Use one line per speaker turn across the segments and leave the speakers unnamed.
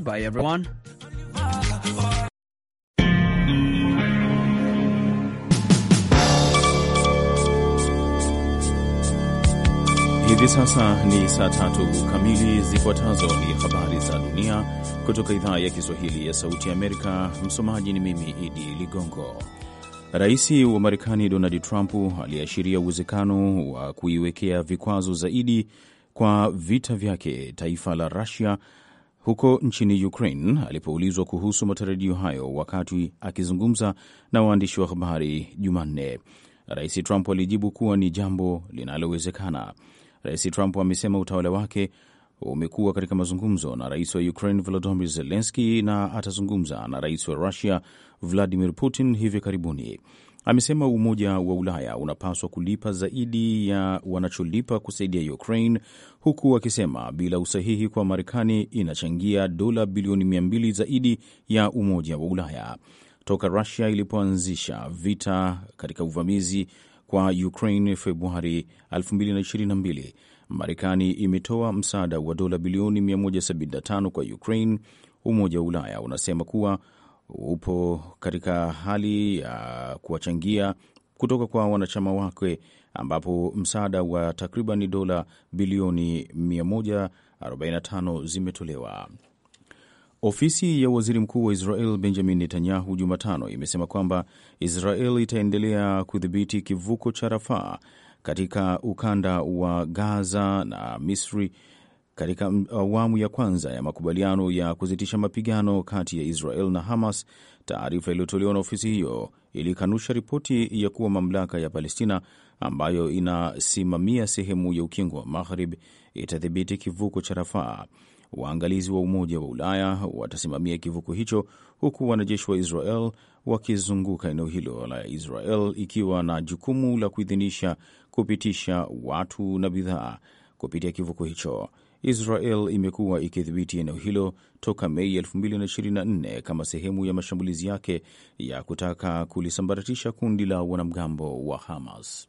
Goodbye everyone.
Hivi sasa ni saa tatu kamili. Zifuatazo ni habari za dunia kutoka idhaa ya Kiswahili ya Sauti ya Amerika. Msomaji ni mimi Idi Ligongo. Rais wa Marekani Donald Trump aliashiria uwezekano wa kuiwekea vikwazo zaidi kwa vita vyake taifa la Rusia huko nchini Ukraine alipoulizwa kuhusu matarajio hayo wakati akizungumza na waandishi wa habari Jumanne. Rais Trump alijibu kuwa ni jambo linalowezekana. Rais Trump amesema utawala wake umekuwa katika mazungumzo na rais wa Ukraine Volodymyr Zelensky na atazungumza na rais wa Russia Vladimir Putin hivi karibuni. Amesema Umoja wa Ulaya unapaswa kulipa zaidi ya wanacholipa kusaidia Ukraine, huku akisema bila usahihi kwa Marekani inachangia dola bilioni 2 zaidi ya Umoja wa Ulaya. Toka Rusia ilipoanzisha vita katika uvamizi kwa Ukraine Februari 2022, Marekani imetoa msaada wa dola bilioni 175 kwa Ukraine. Umoja wa Ulaya unasema kuwa upo katika hali ya kuwachangia kutoka kwa wanachama wake ambapo msaada wa takriban dola bilioni 145 zimetolewa. Ofisi ya waziri mkuu wa Israel Benjamin Netanyahu Jumatano imesema kwamba Israel itaendelea kudhibiti kivuko cha Rafaa katika ukanda wa Gaza na Misri katika awamu ya kwanza ya makubaliano ya kusitisha mapigano kati ya Israel na Hamas. Taarifa iliyotolewa na ofisi hiyo ilikanusha ripoti ya kuwa mamlaka ya Palestina ambayo inasimamia sehemu ya ukingo wa maghrib itadhibiti kivuko cha Rafaa. Waangalizi wa Umoja wa Ulaya watasimamia kivuko hicho, huku wanajeshi wa Israel wakizunguka eneo hilo la Israel, ikiwa na jukumu la kuidhinisha kupitisha watu na bidhaa kupitia kivuko hicho. Israel imekuwa ikidhibiti eneo hilo toka Mei 2024 kama sehemu ya mashambulizi yake ya kutaka kulisambaratisha kundi la wanamgambo wa Hamas.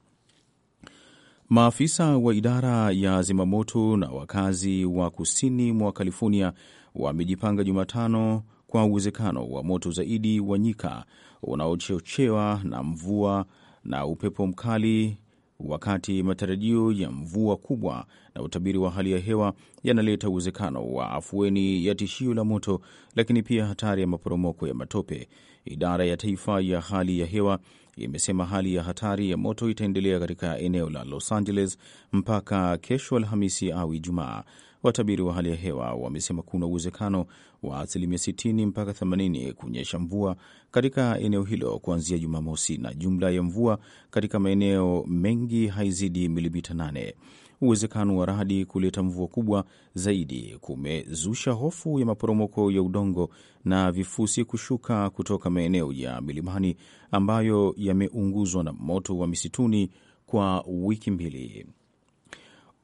Maafisa wa idara ya zimamoto na wakazi wa kusini mwa California wamejipanga Jumatano kwa uwezekano wa moto zaidi wa nyika unaochochewa na mvua na upepo mkali wakati matarajio ya mvua kubwa na utabiri wa hali ya hewa yanaleta uwezekano wa afueni ya tishio la moto, lakini pia hatari ya maporomoko ya matope. Idara ya Taifa ya Hali ya Hewa imesema hali ya hatari ya moto itaendelea katika eneo la Los Angeles mpaka kesho Alhamisi au Ijumaa, Watabiri wa hali ya hewa wamesema kuna uwezekano wa asilimia 60 mpaka 80 kunyesha mvua katika eneo hilo kuanzia Jumamosi, na jumla ya mvua katika maeneo mengi haizidi milimita 8. Uwezekano wa radi kuleta mvua kubwa zaidi kumezusha hofu ya maporomoko ya udongo na vifusi kushuka kutoka maeneo ya milimani ambayo yameunguzwa na moto wa misituni kwa wiki mbili.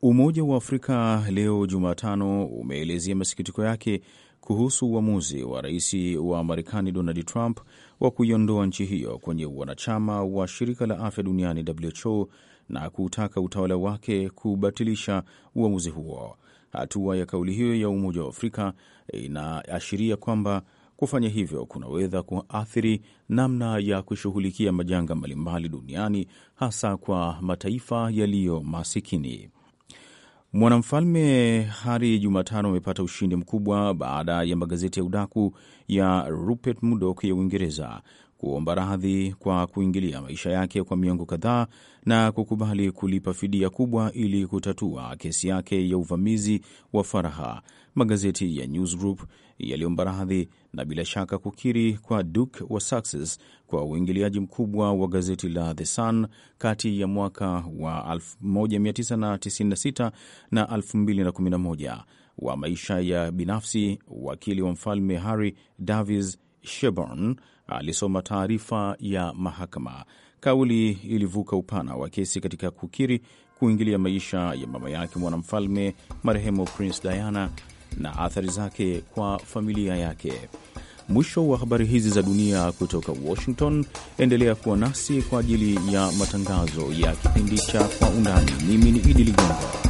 Umoja wa Afrika leo Jumatano umeelezea masikitiko yake kuhusu uamuzi wa rais wa Marekani Donald Trump wa kuiondoa nchi hiyo kwenye wanachama wa shirika la afya duniani WHO na kutaka utawala wake kubatilisha uamuzi huo. Hatua ya kauli hiyo ya Umoja wa Afrika inaashiria kwamba kufanya hivyo kunaweza kuathiri namna ya kushughulikia majanga mbalimbali duniani hasa kwa mataifa yaliyo masikini. Mwanamfalme Hari Jumatano amepata ushindi mkubwa baada ya magazeti ya udaku ya Rupert Murdoch ya Uingereza kuomba radhi kwa kuingilia maisha yake kwa miongo kadhaa na kukubali kulipa fidia kubwa ili kutatua kesi yake ya uvamizi wa Faraha. Magazeti ya Newsgroup yaliomba radhi na bila shaka kukiri kwa Duke wa Sussex kwa uingiliaji mkubwa wa gazeti la The Sun kati ya mwaka wa 1996 na 2011 wa maisha ya binafsi. Wakili wa mfalme Harry Davis sheborn alisoma taarifa ya mahakama. Kauli ilivuka upana wa kesi katika kukiri kuingilia maisha ya mama yake mwanamfalme marehemu Prince Diana na athari zake kwa familia yake. Mwisho wa habari hizi za dunia kutoka Washington. Endelea kuwa nasi kwa ajili ya matangazo ya kipindi cha Kwa Undani. Mimi ni Idi Ligongo.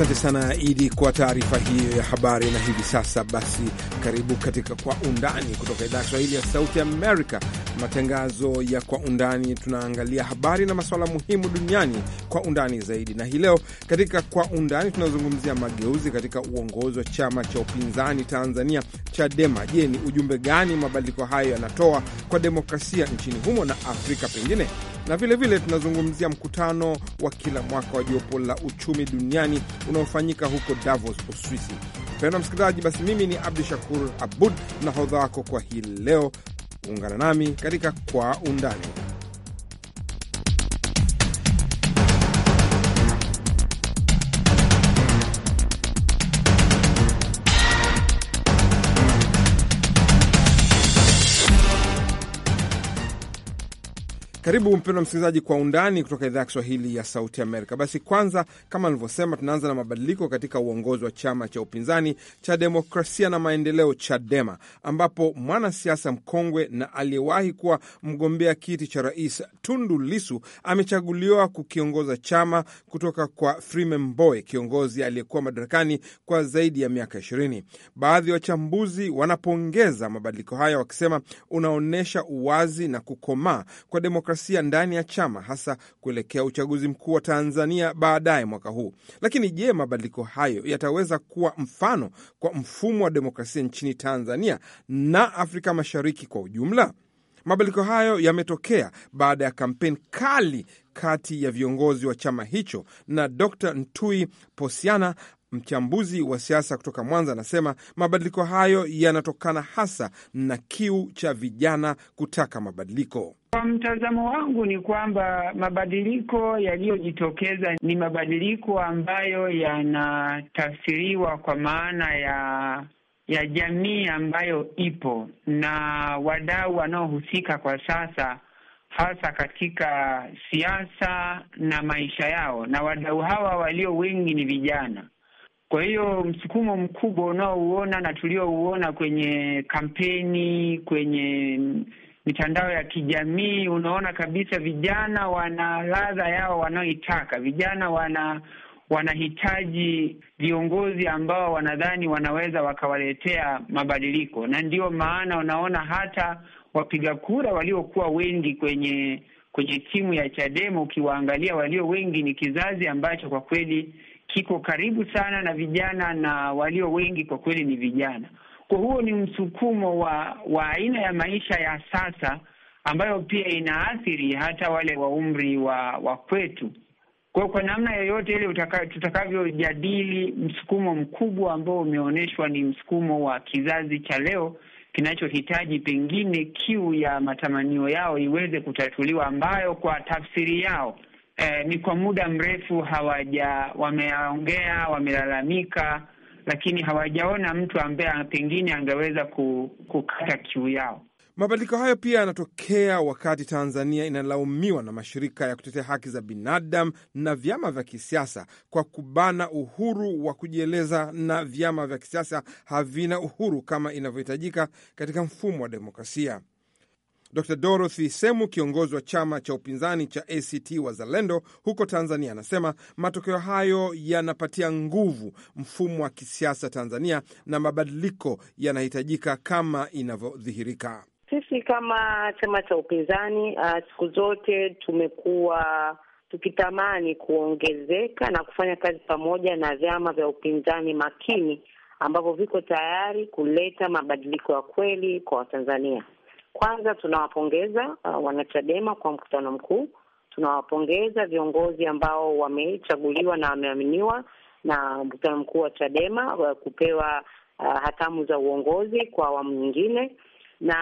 Asante sana Idi kwa taarifa hiyo ya habari. Na hivi sasa basi, karibu katika Kwa Undani kutoka idhaa ya Kiswahili ya Sauti Amerika, matangazo ya Kwa Undani tunaangalia habari na masuala muhimu duniani kwa undani zaidi, na hii leo katika Kwa Undani tunazungumzia mageuzi katika uongozi wa chama cha upinzani Tanzania, Chadema. Je, ni ujumbe gani mabadiliko hayo yanatoa kwa demokrasia nchini humo na Afrika pengine? Na vilevile vile tunazungumzia mkutano wa kila mwaka wa jopo la uchumi duniani unaofanyika huko Davos, Uswisi. Mpendwa msikilizaji, basi mimi ni Abdu Shakur Abud, nahodha wako kwa hii leo kuungana nami katika Kwa Undani. Karibu mpendwa msikilizaji, kwa undani kutoka idhaa ya Kiswahili ya Sauti Amerika. Basi kwanza, kama nilivyosema, tunaanza na mabadiliko katika uongozi wa chama cha upinzani cha Demokrasia na Maendeleo, CHADEMA, ambapo mwanasiasa mkongwe na aliyewahi kuwa mgombea kiti cha rais Tundu Lisu amechaguliwa kukiongoza chama kutoka kwa Freeman Mbowe, kiongozi aliyekuwa madarakani kwa zaidi ya miaka ishirini. Baadhi ya wachambuzi wanapongeza mabadiliko haya wakisema unaonyesha uwazi na kukomaa kwa demokrasia demokrasia ndani ya chama, hasa kuelekea uchaguzi mkuu wa Tanzania baadaye mwaka huu. Lakini je, mabadiliko hayo yataweza kuwa mfano kwa mfumo wa demokrasia nchini Tanzania na Afrika Mashariki kwa ujumla? Mabadiliko hayo yametokea baada ya kampeni kali kati ya viongozi wa chama hicho, na Dr Ntui Posiana mchambuzi wa siasa kutoka Mwanza anasema mabadiliko hayo yanatokana hasa na kiu cha vijana kutaka mabadiliko.
Kwa mtazamo wangu ni kwamba mabadiliko yaliyojitokeza ni mabadiliko ambayo yanatafsiriwa kwa maana ya ya jamii ambayo ipo na wadau wanaohusika kwa sasa, hasa katika siasa na maisha yao, na wadau hawa walio wengi ni vijana. Kwa hiyo msukumo mkubwa unaouona na tuliouona kwenye kampeni, kwenye mitandao ya kijamii, unaona kabisa vijana wana ladha yao wanaoitaka. Vijana wana wanahitaji viongozi ambao wanadhani wanaweza wakawaletea mabadiliko, na ndiyo maana unaona hata wapiga kura waliokuwa wengi kwenye kwenye timu ya Chadema, ukiwaangalia walio wengi ni kizazi ambacho kwa kweli kiko karibu sana na vijana, na walio wengi kwa kweli ni vijana. Kwa huo ni msukumo wa wa aina ya maisha ya sasa ambayo pia inaathiri hata wale wa umri wa wa kwetu. Kwa kwa namna yoyote ile tutakavyojadili, msukumo mkubwa ambao umeonyeshwa ni msukumo wa kizazi cha leo kinachohitaji pengine kiu ya matamanio yao iweze kutatuliwa, ambayo kwa tafsiri yao eh, ni kwa muda mrefu hawaja wameongea, wamelalamika lakini hawajaona mtu ambaye pengine angeweza kukata kiu yao.
Mabadiliko hayo pia yanatokea wakati Tanzania inalaumiwa na mashirika ya kutetea haki za binadamu na vyama vya kisiasa kwa kubana uhuru wa kujieleza, na vyama vya kisiasa havina uhuru kama inavyohitajika katika mfumo wa demokrasia. Dr Dorothy Semu, kiongozi wa chama cha upinzani cha ACT Wazalendo huko Tanzania, anasema matokeo hayo yanapatia nguvu mfumo wa kisiasa Tanzania na mabadiliko yanahitajika kama inavyodhihirika.
Sisi kama chama cha upinzani ah, siku zote tumekuwa tukitamani kuongezeka na kufanya kazi pamoja na vyama vya upinzani makini ambavyo viko tayari kuleta mabadiliko ya kweli kwa Watanzania. Kwanza tunawapongeza uh, wanachadema kwa mkutano mkuu. Tunawapongeza viongozi ambao wamechaguliwa na wameaminiwa na mkutano mkuu wa Chadema uh, kupewa uh, hatamu za uongozi kwa awamu nyingine, na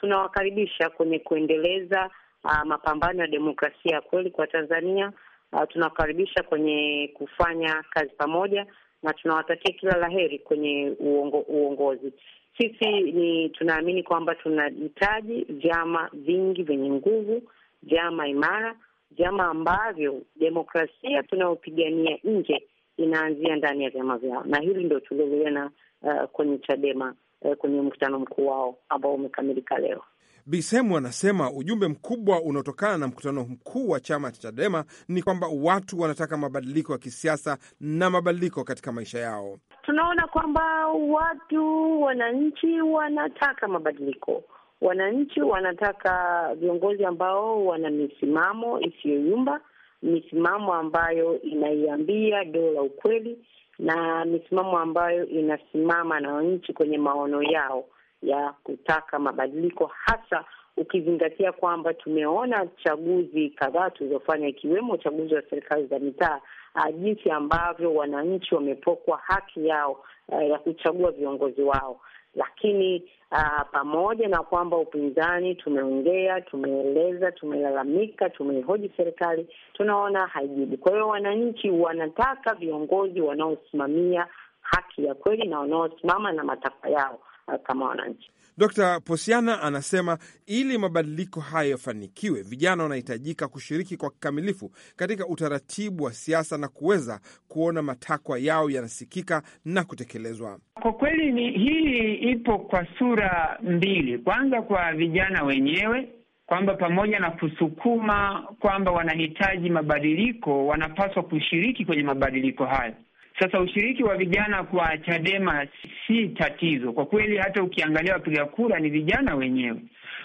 tunawakaribisha kwenye kuendeleza uh, mapambano ya demokrasia ya kweli kwa Tanzania. Uh, tunawakaribisha kwenye kufanya kazi pamoja na tunawatakia kila la heri kwenye uongo, uongozi. Sisi ni tunaamini kwamba tunahitaji vyama vingi vyenye nguvu, vyama imara, vyama ambavyo demokrasia tunayopigania nje inaanzia ndani ya vyama vyao, na hili ndio tulioliona uh, kwenye Chadema uh, kwenye mkutano mkuu wao ambao umekamilika leo.
Bisemu anasema ujumbe mkubwa unaotokana na mkutano mkuu wa chama cha Chadema ni kwamba watu wanataka mabadiliko ya kisiasa na mabadiliko katika maisha yao.
Tunaona kwamba watu, wananchi wanataka mabadiliko, wananchi wanataka viongozi ambao wana misimamo isiyoyumba, misimamo ambayo inaiambia dola ukweli na misimamo ambayo inasimama na wananchi kwenye maono yao ya kutaka mabadiliko, hasa ukizingatia kwamba tumeona chaguzi kadhaa tulizofanya ikiwemo uchaguzi wa serikali za mitaa, ah, jinsi ambavyo wananchi wamepokwa haki yao eh, ya kuchagua viongozi wao. Lakini uh, pamoja na kwamba upinzani tumeongea, tumeeleza, tumelalamika, tumeihoji serikali, tunaona haijibu. Kwa hiyo wananchi wanataka viongozi wanaosimamia haki ya kweli na wanaosimama na matakwa yao. Eh, kama wananchi.
Dr. Posiana anasema ili mabadiliko hayo yafanikiwe, vijana wanahitajika kushiriki kwa kikamilifu katika utaratibu wa siasa na kuweza kuona matakwa yao yanasikika na kutekelezwa.
Kwa kweli ni hii ipo kwa sura mbili. Kwanza kwa vijana wenyewe kwamba pamoja na kusukuma kwamba wanahitaji mabadiliko, wanapaswa kushiriki kwenye mabadiliko hayo sasa ushiriki wa vijana kwa Chadema si tatizo kwa kweli. Hata ukiangalia wapiga kura ni vijana wenyewe.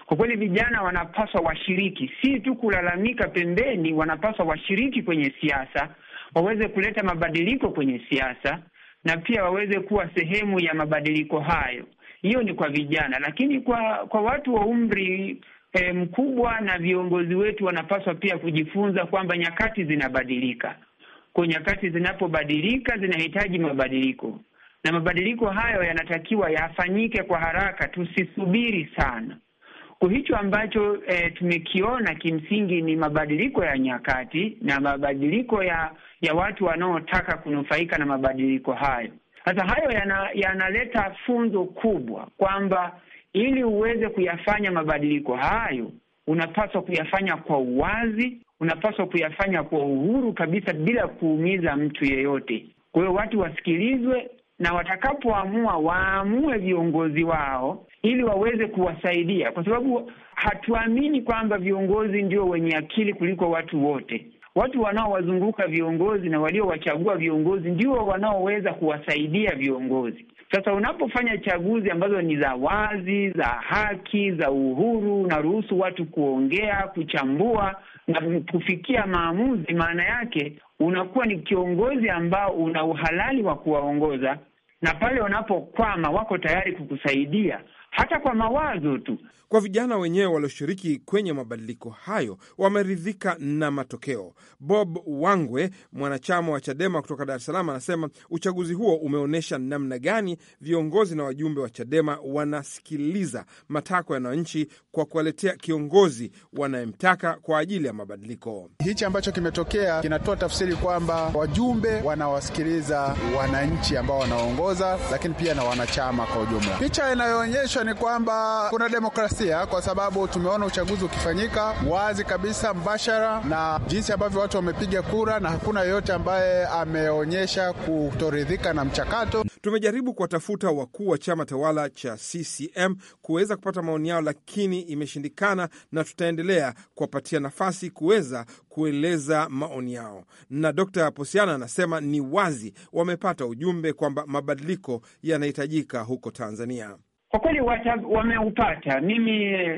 Kwa kweli, vijana wanapaswa washiriki, si tu kulalamika pembeni, wanapaswa washiriki kwenye siasa, waweze kuleta mabadiliko kwenye siasa na pia waweze kuwa sehemu ya mabadiliko hayo. Hiyo ni kwa vijana, lakini kwa kwa watu wa umri eh, mkubwa na viongozi wetu wanapaswa pia kujifunza kwamba nyakati zinabadilika kwa nyakati zinapobadilika zinahitaji mabadiliko, na mabadiliko hayo yanatakiwa yafanyike kwa haraka, tusisubiri sana. Kwa hicho ambacho e, tumekiona kimsingi ni mabadiliko ya nyakati na mabadiliko ya ya watu wanaotaka kunufaika na mabadiliko hayo. Sasa hayo yanaleta yana funzo kubwa kwamba ili uweze kuyafanya mabadiliko hayo unapaswa kuyafanya kwa uwazi, unapaswa kuyafanya kwa uhuru kabisa bila kuumiza mtu yeyote. Kwa hiyo watu wasikilizwe na watakapoamua waamue viongozi wao ili waweze kuwasaidia, kwa sababu hatuamini kwamba viongozi ndio wenye akili kuliko watu wote. Watu wanaowazunguka viongozi na waliowachagua viongozi ndio wanaoweza kuwasaidia viongozi. Sasa unapofanya chaguzi ambazo ni za wazi, za haki, za uhuru, unaruhusu watu kuongea, kuchambua na kufikia maamuzi, maana yake unakuwa ni kiongozi ambao una uhalali wa kuwaongoza, na pale wanapokwama wako tayari kukusaidia hata kwa mawazo tu. Kwa
vijana wenyewe walioshiriki kwenye mabadiliko hayo, wameridhika na matokeo. Bob Wangwe, mwanachama wa Chadema kutoka Dar es Salaam, anasema uchaguzi huo umeonyesha namna gani viongozi na wajumbe wa Chadema wanasikiliza matakwa ya wananchi kwa kuwaletea kiongozi wanayemtaka kwa ajili ya mabadiliko.
Hichi ambacho kimetokea kinatoa tafsiri kwamba wajumbe wanawasikiliza wananchi ambao wanaongoza, lakini pia na wanachama kwa ujumla. Picha inayoonyeshwa ni kwamba kuna demokrasia demokrasia, kwa sababu tumeona uchaguzi ukifanyika wazi kabisa mbashara, na jinsi ambavyo watu wamepiga kura, na hakuna yoyote ambaye ameonyesha kutoridhika na mchakato.
Tumejaribu kuwatafuta wakuu wa chama tawala cha CCM kuweza kupata maoni yao, lakini imeshindikana, na tutaendelea kuwapatia nafasi kuweza kueleza maoni yao. Na d Posiana anasema ni wazi wamepata ujumbe kwamba mabadiliko yanahitajika huko Tanzania.
Kwa kweli wameupata. Mimi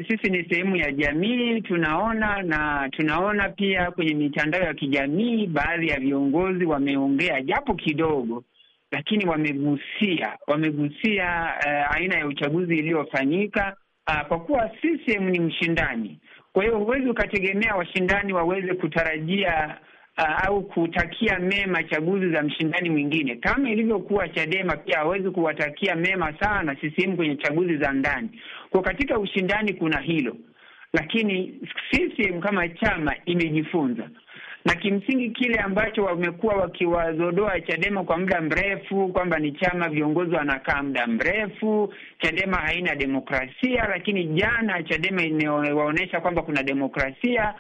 sisi ni sehemu ya jamii, tunaona na tunaona pia kwenye mitandao ya kijamii, baadhi ya viongozi wameongea japo kidogo, lakini wamegusia wamegusia uh, aina ya uchaguzi iliyofanyika uh, kwa kuwa sehemu ni mshindani, kwa hiyo huwezi ukategemea washindani waweze kutarajia uh, au kutakia mema chaguzi za mshindani mwingine, kama ilivyokuwa Chadema pia hawezi kuwatakia mema sana CCM kwenye chaguzi za ndani. Kwa katika ushindani kuna hilo, lakini CCM kama chama imejifunza na kimsingi kile ambacho wamekuwa wakiwazodoa Chadema kwa muda mrefu kwamba ni chama viongozi wanakaa muda mrefu, Chadema haina demokrasia, lakini jana Chadema imewaonyesha kwamba kuna demokrasia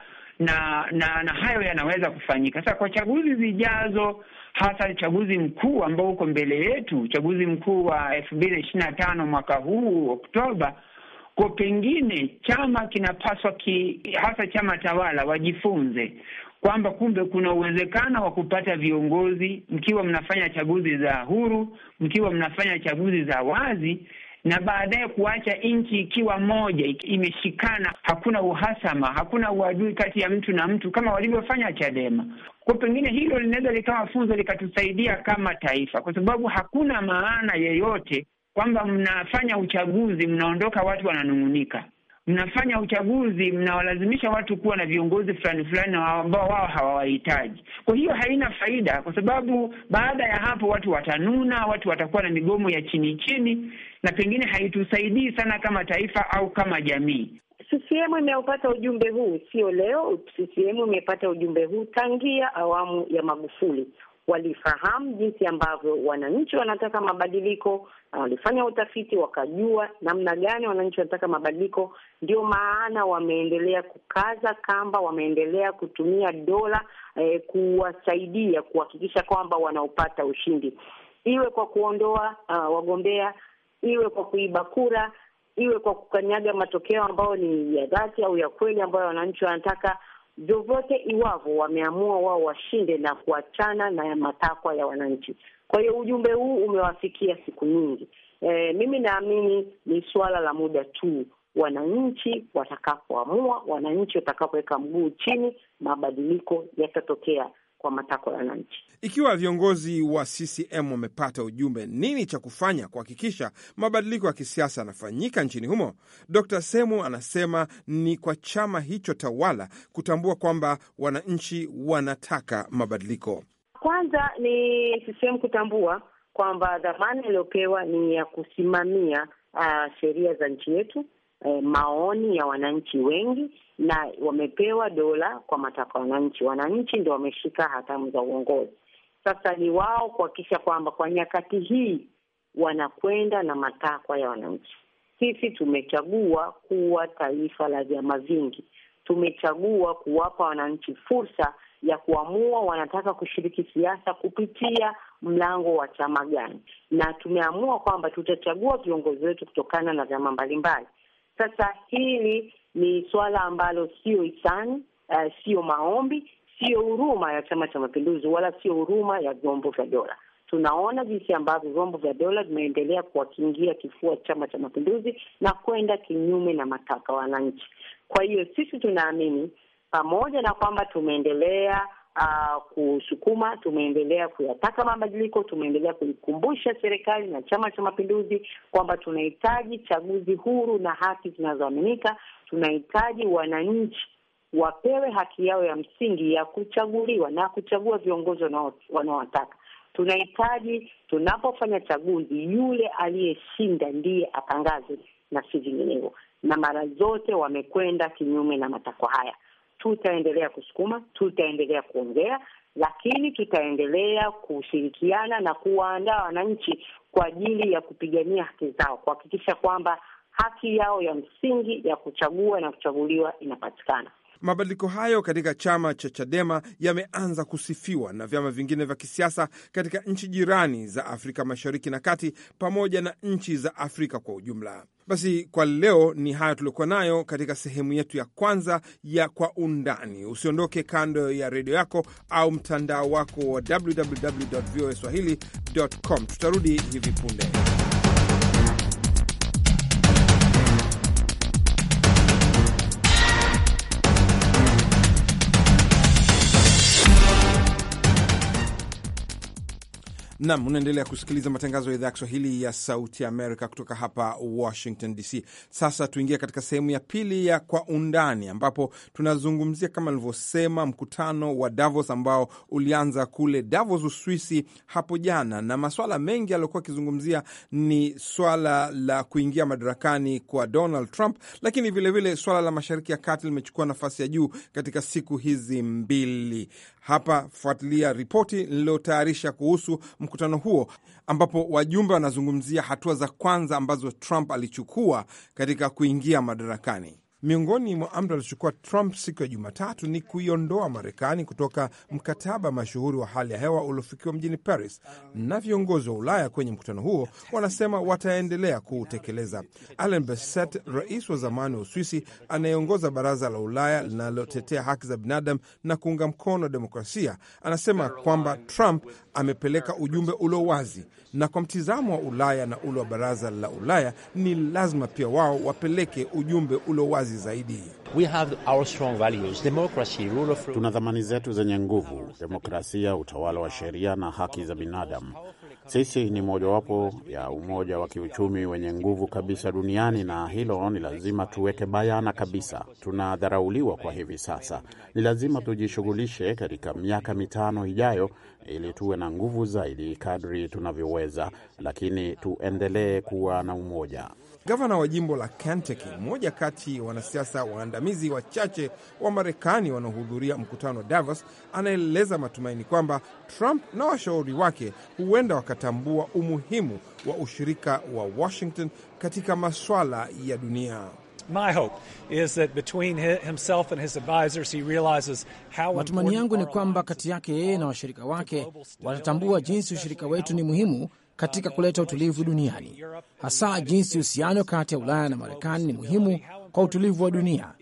na na, na hayo yanaweza kufanyika. Sasa kwa chaguzi zijazo, hasa chaguzi mkuu ambao uko mbele yetu, uchaguzi mkuu wa elfu mbili na ishirini na tano mwaka huu Oktoba, kwa pengine chama kinapaswa ki, hasa chama tawala wajifunze kwamba kumbe kuna uwezekano wa kupata viongozi mkiwa mnafanya chaguzi za huru, mkiwa mnafanya chaguzi za wazi na baadaye kuacha nchi ikiwa moja imeshikana, hakuna uhasama, hakuna uadui kati ya mtu na mtu kama walivyofanya Chadema. Kwa pengine hilo linaweza likawa funzo likatusaidia kama taifa, kwa sababu hakuna maana yeyote kwamba mnafanya uchaguzi, mnaondoka watu wananung'unika mnafanya uchaguzi, mnawalazimisha watu kuwa na viongozi fulani fulani ambao wao hawawahitaji. Kwa hiyo haina faida, kwa sababu baada ya hapo watu watanuna, watu watakuwa na migomo ya chini chini, na pengine haitusaidii sana kama taifa au kama jamii.
CCM imeupata ujumbe huu, sio leo. CCM imepata ujumbe huu tangia awamu ya Magufuli walifahamu jinsi ambavyo wananchi wanataka mabadiliko, na walifanya utafiti wakajua namna gani wananchi wanataka mabadiliko. Ndio maana wameendelea kukaza kamba, wameendelea kutumia dola eh, kuwasaidia kuhakikisha kwamba wanaopata ushindi, iwe kwa kuondoa uh, wagombea, iwe kwa kuiba kura, iwe kwa kukanyaga matokeo ambayo ni ya dhati au ya kweli ambayo wananchi wanataka vyovyote iwavyo, wameamua wao washinde na kuachana na matakwa ya wananchi. Kwa hiyo ujumbe huu umewafikia siku nyingi. E, mimi naamini ni suala la muda tu, wananchi watakapoamua, wananchi watakapoweka mguu chini, mabadiliko yatatokea kwa matakwa ya wananchi.
Ikiwa viongozi wa CCM wamepata ujumbe, nini cha kufanya kuhakikisha mabadiliko ya kisiasa yanafanyika nchini humo? Dr Semu anasema ni kwa chama hicho tawala kutambua kwamba wananchi wanataka mabadiliko.
Kwanza ni CCM kutambua kwamba dhamana iliyopewa ni ya kusimamia uh, sheria za nchi yetu eh, maoni ya wananchi wengi na wamepewa dola kwa matakwa ya wananchi. Wananchi ndio wameshika hatamu za uongozi. Sasa ni wao kuhakikisha kwamba kwa nyakati hii wanakwenda na matakwa ya wananchi. Sisi tumechagua kuwa taifa la vyama vingi, tumechagua kuwapa wananchi fursa ya kuamua wanataka kushiriki siasa kupitia mlango wa chama gani, na tumeamua kwamba tutachagua viongozi wetu kutokana na vyama mbalimbali. Sasa hili ni suala ambalo sio hisani, uh, sio maombi, sio huruma ya Chama cha Mapinduzi wala sio huruma ya vyombo vya dola. Tunaona jinsi ambavyo vyombo vya dola vimeendelea kuwakingia kifua Chama cha Mapinduzi na kwenda kinyume na matakwa ya wananchi. Kwa hiyo sisi tunaamini pamoja na kwamba tumeendelea uh, kusukuma, tumeendelea kuyataka mabadiliko, tumeendelea kuikumbusha serikali na Chama cha Mapinduzi kwamba tunahitaji chaguzi huru na haki zinazoaminika. Tunahitaji wananchi wapewe haki yao ya msingi ya kuchaguliwa na kuchagua viongozi wanaowataka. Tunahitaji tunapofanya chaguzi, yule aliyeshinda ndiye atangaze na si vinginevyo, na mara zote wamekwenda kinyume na matakwa haya tutaendelea kusukuma, tutaendelea kuongea, lakini tutaendelea kushirikiana na kuwaandaa wananchi kwa ajili ya kupigania haki zao, kuhakikisha kwamba haki yao ya msingi ya kuchagua na kuchaguliwa inapatikana.
Mabadiliko hayo katika chama cha Chadema yameanza kusifiwa na vyama vingine vya kisiasa katika nchi jirani za Afrika Mashariki na Kati pamoja na nchi za Afrika kwa ujumla. Basi kwa leo ni hayo tuliokuwa nayo katika sehemu yetu ya kwanza ya Kwa Undani. Usiondoke kando ya redio yako au mtandao wako wa www voa swahili com. Tutarudi hivi punde. Nam, unaendelea kusikiliza matangazo ya idhaa ya Kiswahili ya Sauti ya Amerika kutoka hapa Washington DC. Sasa tuingia katika sehemu ya pili ya Kwa Undani, ambapo tunazungumzia kama alivyosema, mkutano wa Davos ambao ulianza kule Davos, Uswisi hapo jana, na maswala mengi aliokuwa akizungumzia ni swala la kuingia madarakani kwa Donald Trump, lakini vilevile vile swala la Mashariki ya Kati limechukua nafasi ya juu katika siku hizi mbili. Hapa fuatilia ripoti lililotayarisha kuhusu mkutano huo, ambapo wajumbe wanazungumzia hatua za kwanza ambazo Trump alichukua katika kuingia madarakani. Miongoni mwa amri aliochukua Trump siku ya Jumatatu ni kuiondoa Marekani kutoka mkataba mashuhuri wa hali ya hewa uliofikiwa mjini Paris, na viongozi wa Ulaya kwenye mkutano huo wanasema wataendelea kuutekeleza. Alain Berset, rais wa zamani wa Uswisi anayeongoza baraza la Ulaya linalotetea haki za binadamu na kuunga mkono demokrasia, anasema kwamba Trump amepeleka ujumbe ulio wazi na kwa mtizamo wa Ulaya na ule wa baraza la Ulaya, ni lazima pia wao wapeleke ujumbe ulio wazi zaidi.
We have our strong values, democracy, rule of... tuna thamani zetu zenye nguvu: demokrasia, utawala wa sheria na haki za binadamu. Sisi ni mojawapo ya umoja wa kiuchumi wenye nguvu kabisa duniani, na hilo ni lazima tuweke bayana kabisa. Tunadharauliwa kwa hivi sasa, ni lazima tujishughulishe katika miaka mitano ijayo, ili tuwe na nguvu zaidi kadri tunavyoweza, lakini tuendelee kuwa na umoja.
Gavana wa jimbo la Kentucky, mmoja kati ya wanasiasa waandamizi wachache wa Marekani wanaohudhuria mkutano wa Davos, anaeleza matumaini kwamba Trump na washauri wake huenda wakatambua umuhimu wa ushirika wa Washington katika maswala ya dunia.
matumani yangu ni
kwamba kati yake yeye na washirika wake watatambua jinsi ushirika wetu ni muhimu katika kuleta
utulivu duniani, hasa jinsi uhusiano kati ya Ulaya na Marekani ni muhimu kwa utulivu wa dunia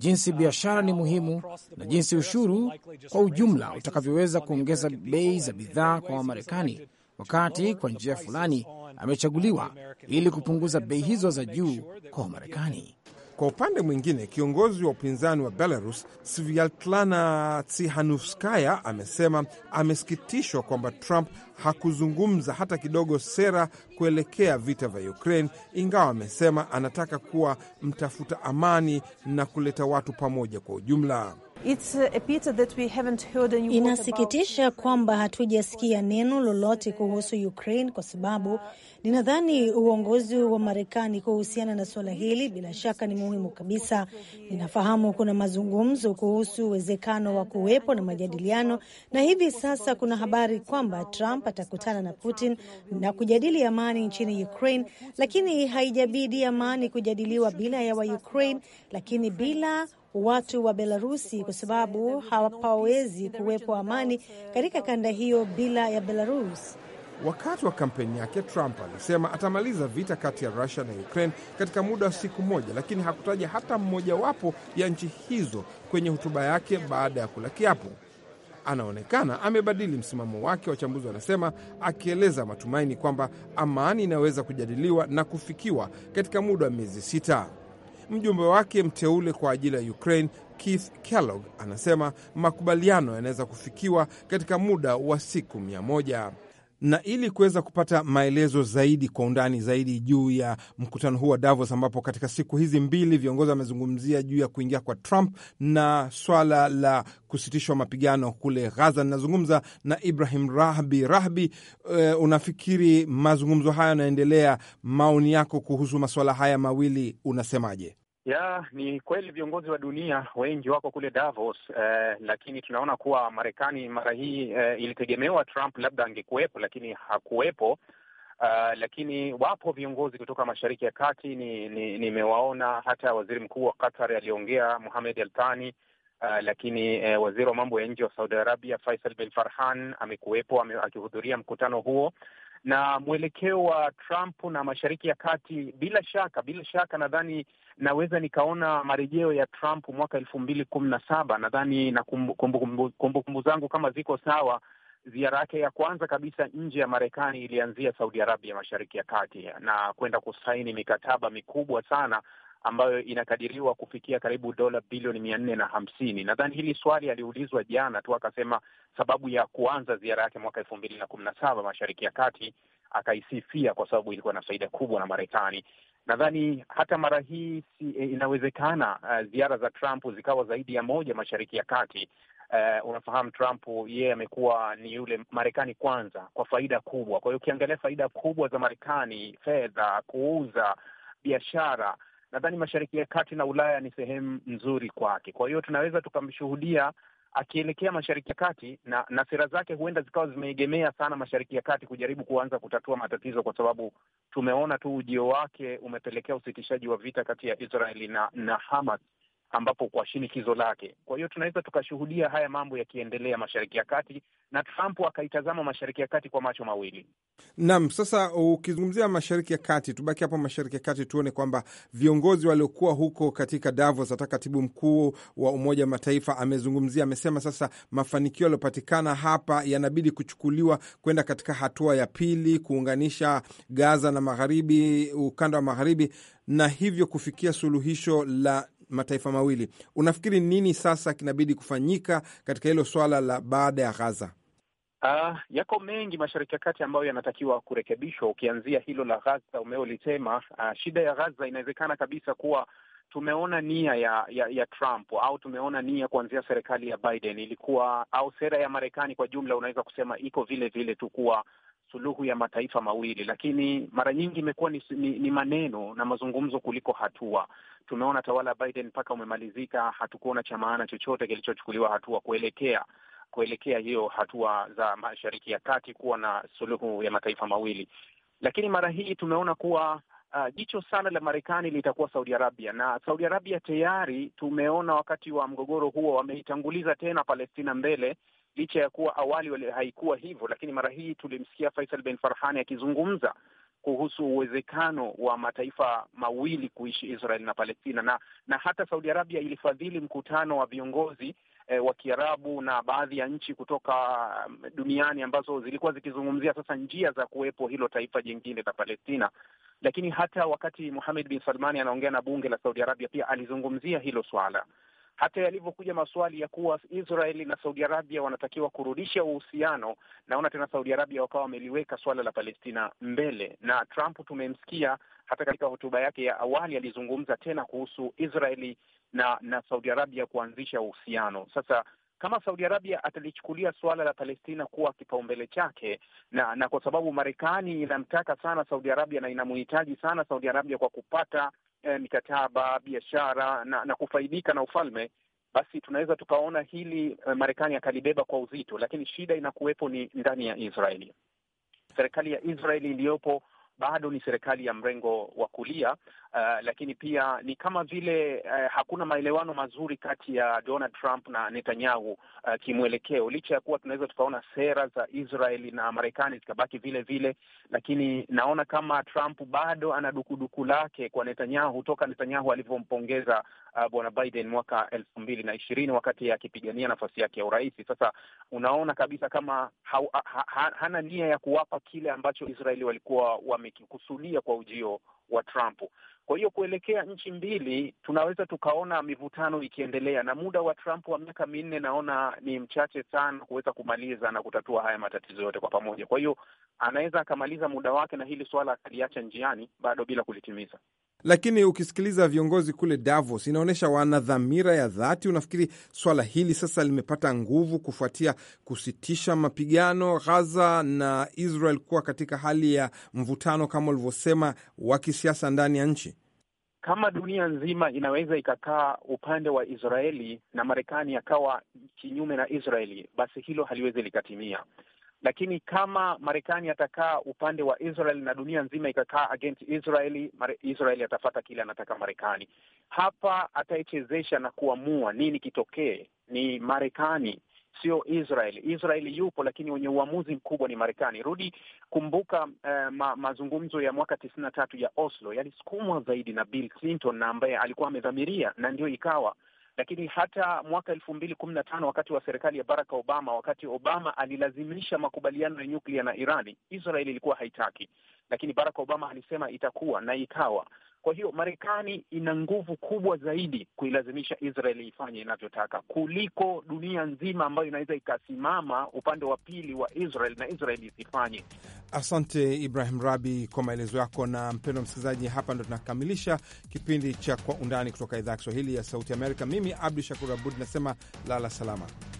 jinsi biashara ni muhimu na jinsi ushuru kwa ujumla utakavyoweza kuongeza bei za bidhaa kwa Wamarekani, wakati kwa njia fulani
amechaguliwa ili kupunguza bei hizo za juu kwa Wamarekani. Kwa upande mwingine, kiongozi wa upinzani wa Belarus Svyatlana Tsihanuskaya amesema amesikitishwa kwamba Trump hakuzungumza hata kidogo sera kuelekea vita vya Ukraine, ingawa amesema anataka kuwa mtafuta amani na kuleta watu pamoja kwa ujumla.
Inasikitisha kwamba hatujasikia neno lolote kuhusu Ukraine kwa sababu ninadhani uongozi wa Marekani kuhusiana na suala hili bila shaka ni muhimu kabisa. Ninafahamu kuna mazungumzo kuhusu uwezekano wa kuwepo na majadiliano, na hivi sasa kuna habari kwamba Trump atakutana na Putin na kujadili amani nchini Ukraine, lakini haijabidi amani kujadiliwa bila ya wa Ukraine, lakini bila watu wa Belarusi kwa sababu hawapawezi kuwepo amani katika kanda hiyo bila ya Belarus.
Wakati wa kampeni yake Trump alisema atamaliza vita kati ya Rusia na Ukraine katika muda wa siku moja, lakini hakutaja hata mmojawapo ya nchi hizo kwenye hotuba yake baada ya kula kiapo. Anaonekana amebadili msimamo wake, wachambuzi wanasema, akieleza matumaini kwamba amani inaweza kujadiliwa na kufikiwa katika muda wa miezi sita. Mjumbe wake mteule kwa ajili ya Ukraine Keith Kellogg anasema makubaliano yanaweza kufikiwa katika muda wa siku mia moja na ili kuweza kupata maelezo zaidi kwa undani zaidi juu ya mkutano huu wa Davos, ambapo katika siku hizi mbili viongozi wamezungumzia juu ya kuingia kwa Trump na swala la kusitishwa mapigano kule ghaza Ninazungumza na Ibrahim Rahbi. Rahbi, uh, unafikiri mazungumzo haya yanaendelea? Maoni yako kuhusu masuala haya mawili unasemaje?
Ya, ni kweli viongozi wa dunia wengi wako kule Davos eh, lakini tunaona kuwa Marekani mara hii eh, ilitegemewa Trump labda angekuwepo, lakini hakuwepo. Uh, lakini wapo viongozi kutoka Mashariki ya Kati nimewaona, ni, ni hata waziri mkuu wa Qatar aliongea Mohamed Al Thani. Uh, eh, lakini eh, waziri wa mambo ya nje wa Saudi Arabia Faisal bin Farhan amekuwepo ame, akihudhuria mkutano huo na mwelekeo wa Trump na Mashariki ya Kati, bila shaka, bila shaka nadhani naweza nikaona marejeo ya Trump mwaka elfu mbili kumi na saba nadhani na kumbukumbu kumbu, kumbu zangu kama ziko sawa ziara yake ya kwanza kabisa nje ya Marekani ilianzia Saudi Arabia, Mashariki ya Kati, na kwenda kusaini mikataba mikubwa sana ambayo inakadiriwa kufikia karibu dola bilioni mia nne na hamsini. Nadhani hili swali aliulizwa jana tu, akasema sababu ya kuanza ziara yake mwaka elfu mbili na kumi na saba mashariki ya kati, akaisifia kwa sababu ilikuwa na faida kubwa na Marekani. Nadhani hata mara hii e, inawezekana, uh, ziara za Trump zikawa zaidi ya moja mashariki ya kati. Uh, unafahamu Trump yeye yeah, amekuwa ni yule Marekani kwanza kwa faida kubwa. Kwa hiyo ukiangalia faida kubwa za Marekani, fedha, kuuza, biashara nadhani Mashariki ya Kati na Ulaya ni sehemu nzuri kwake. Kwa hiyo tunaweza tukamshuhudia akielekea Mashariki ya Kati na, na sera zake huenda zikawa zimeegemea sana Mashariki ya Kati kujaribu kuanza kutatua matatizo, kwa sababu tumeona tu ujio wake umepelekea usitishaji wa vita kati ya Israeli na, na Hamas ambapo kwa shinikizo lake. Kwa hiyo tunaweza tukashuhudia haya mambo yakiendelea Mashariki ya Kati, na Trump akaitazama Mashariki ya Kati kwa macho mawili.
Naam, sasa ukizungumzia Mashariki ya Kati, tubaki hapo Mashariki ya Kati, tuone kwamba viongozi waliokuwa huko katika Davos, hata katibu mkuu wa Umoja wa Mataifa amezungumzia, amesema sasa mafanikio yaliyopatikana hapa yanabidi kuchukuliwa kwenda katika hatua ya pili, kuunganisha Gaza na magharibi, ukanda wa magharibi na hivyo kufikia suluhisho la mataifa mawili. Unafikiri nini sasa kinabidi kufanyika katika hilo swala la baada ya Ghaza?
Uh, ah, yako mengi Mashariki ya Kati ambayo yanatakiwa kurekebishwa. Ukianzia hilo la Ghaza umeolisema. uh, ah, shida ya Ghaza inawezekana kabisa kuwa tumeona nia ya, ya ya Trump au tumeona nia kuanzia serikali ya Biden ilikuwa au sera ya Marekani kwa jumla, unaweza kusema iko vile vile tu kuwa suluhu ya mataifa mawili, lakini mara nyingi imekuwa ni, ni, ni maneno na mazungumzo kuliko hatua. Tumeona tawala Biden mpaka umemalizika, hatukuona cha maana chochote kilichochukuliwa hatua kuelekea kuelekea hiyo hatua za Mashariki ya Kati kuwa na suluhu ya mataifa mawili. Lakini mara hii tumeona kuwa uh, jicho sana la Marekani litakuwa Saudi Arabia, na Saudi Arabia tayari tumeona wakati wa mgogoro huo wameitanguliza tena Palestina mbele licha ya kuwa awali haikuwa hivyo, lakini mara hii tulimsikia Faisal bin farhani akizungumza kuhusu uwezekano wa mataifa mawili kuishi Israel na Palestina, na na hata Saudi Arabia ilifadhili mkutano wa viongozi e, wa Kiarabu na baadhi ya nchi kutoka um, duniani ambazo zilikuwa zikizungumzia sasa njia za kuwepo hilo taifa jingine la Palestina. Lakini hata wakati Muhamed bin Salmani anaongea na bunge la Saudi Arabia pia alizungumzia hilo swala hata yalivyokuja maswali ya kuwa Israeli na Saudi Arabia wanatakiwa kurudisha uhusiano, naona tena Saudi Arabia wakawa wameliweka swala la Palestina mbele. Na Trump tumemsikia hata katika hotuba yake ya awali alizungumza tena kuhusu Israeli na na Saudi Arabia kuanzisha uhusiano. Sasa kama Saudi Arabia atalichukulia suala la Palestina kuwa kipaumbele chake, na na kwa sababu Marekani inamtaka sana Saudi Arabia na inamuhitaji sana Saudi Arabia kwa kupata eh, mikataba, biashara na, na kufaidika na ufalme, basi tunaweza tukaona hili eh, Marekani akalibeba kwa uzito, lakini shida inakuwepo ni ndani ya Israeli. Serikali ya Israeli iliyopo bado ni serikali ya mrengo wa kulia uh, lakini pia ni kama vile uh, hakuna maelewano mazuri kati ya Donald Trump na Netanyahu uh, kimwelekeo, licha ya kuwa tunaweza tukaona sera za Israeli na Marekani zikabaki vile vile, lakini naona kama Trump bado ana dukuduku lake kwa Netanyahu toka Netanyahu alivyompongeza uh, bwana Biden mwaka elfu mbili na ishirini wakati akipigania ya nafasi yake ya urais. Sasa unaona kabisa kama ha, ha, ha, hana nia ya kuwapa kile ambacho Israeli walikuwa wamekikusudia kwa ujio wa Trump. Kwa hiyo kuelekea nchi mbili, tunaweza tukaona mivutano ikiendelea, na muda wa Trump wa miaka minne naona ni mchache sana kuweza kumaliza na kutatua haya matatizo yote kwa pamoja. Kwa hiyo anaweza akamaliza muda wake na hili suala akaliacha njiani bado bila kulitimiza.
Lakini ukisikiliza viongozi kule Davos, inaonyesha wana dhamira ya dhati. Unafikiri swala hili sasa limepata nguvu kufuatia kusitisha mapigano ghaza na Israel kuwa katika hali ya mvutano kama ulivyosema wa kisiasa ndani ya nchi?
Kama dunia nzima inaweza ikakaa upande wa Israeli na Marekani akawa kinyume na Israeli, basi hilo haliwezi likatimia. Lakini kama Marekani atakaa upande wa Israel na dunia nzima ikakaa against Israeli, Israeli atafata kile anataka Marekani. Hapa ataichezesha na kuamua nini kitokee ni Marekani sio Israel. Israel yupo, lakini wenye uamuzi mkubwa ni Marekani. Rudi kumbuka eh, ma, mazungumzo ya mwaka tisini na tatu ya Oslo yalisukumwa zaidi na Bill Clinton na ambaye alikuwa amedhamiria na ndio ikawa lakini hata mwaka elfu mbili kumi na tano wakati wa serikali ya Barack Obama, wakati Obama alilazimisha makubaliano ya nyuklia na Irani, Israel ilikuwa haitaki, lakini Barack Obama alisema itakuwa na ikawa. Kwa hiyo Marekani ina nguvu kubwa zaidi kuilazimisha Israel ifanye inavyotaka kuliko dunia nzima ambayo inaweza ikasimama upande wa pili wa Israel na Israel isifanye.
Asante Ibrahim Rabi kwa maelezo yako. Na mpendo msikilizaji, hapa ndo tunakamilisha kipindi cha Kwa Undani kutoka idhaa ya Kiswahili ya Sauti Amerika. Mimi Abdu Shakur Abud nasema lala salama.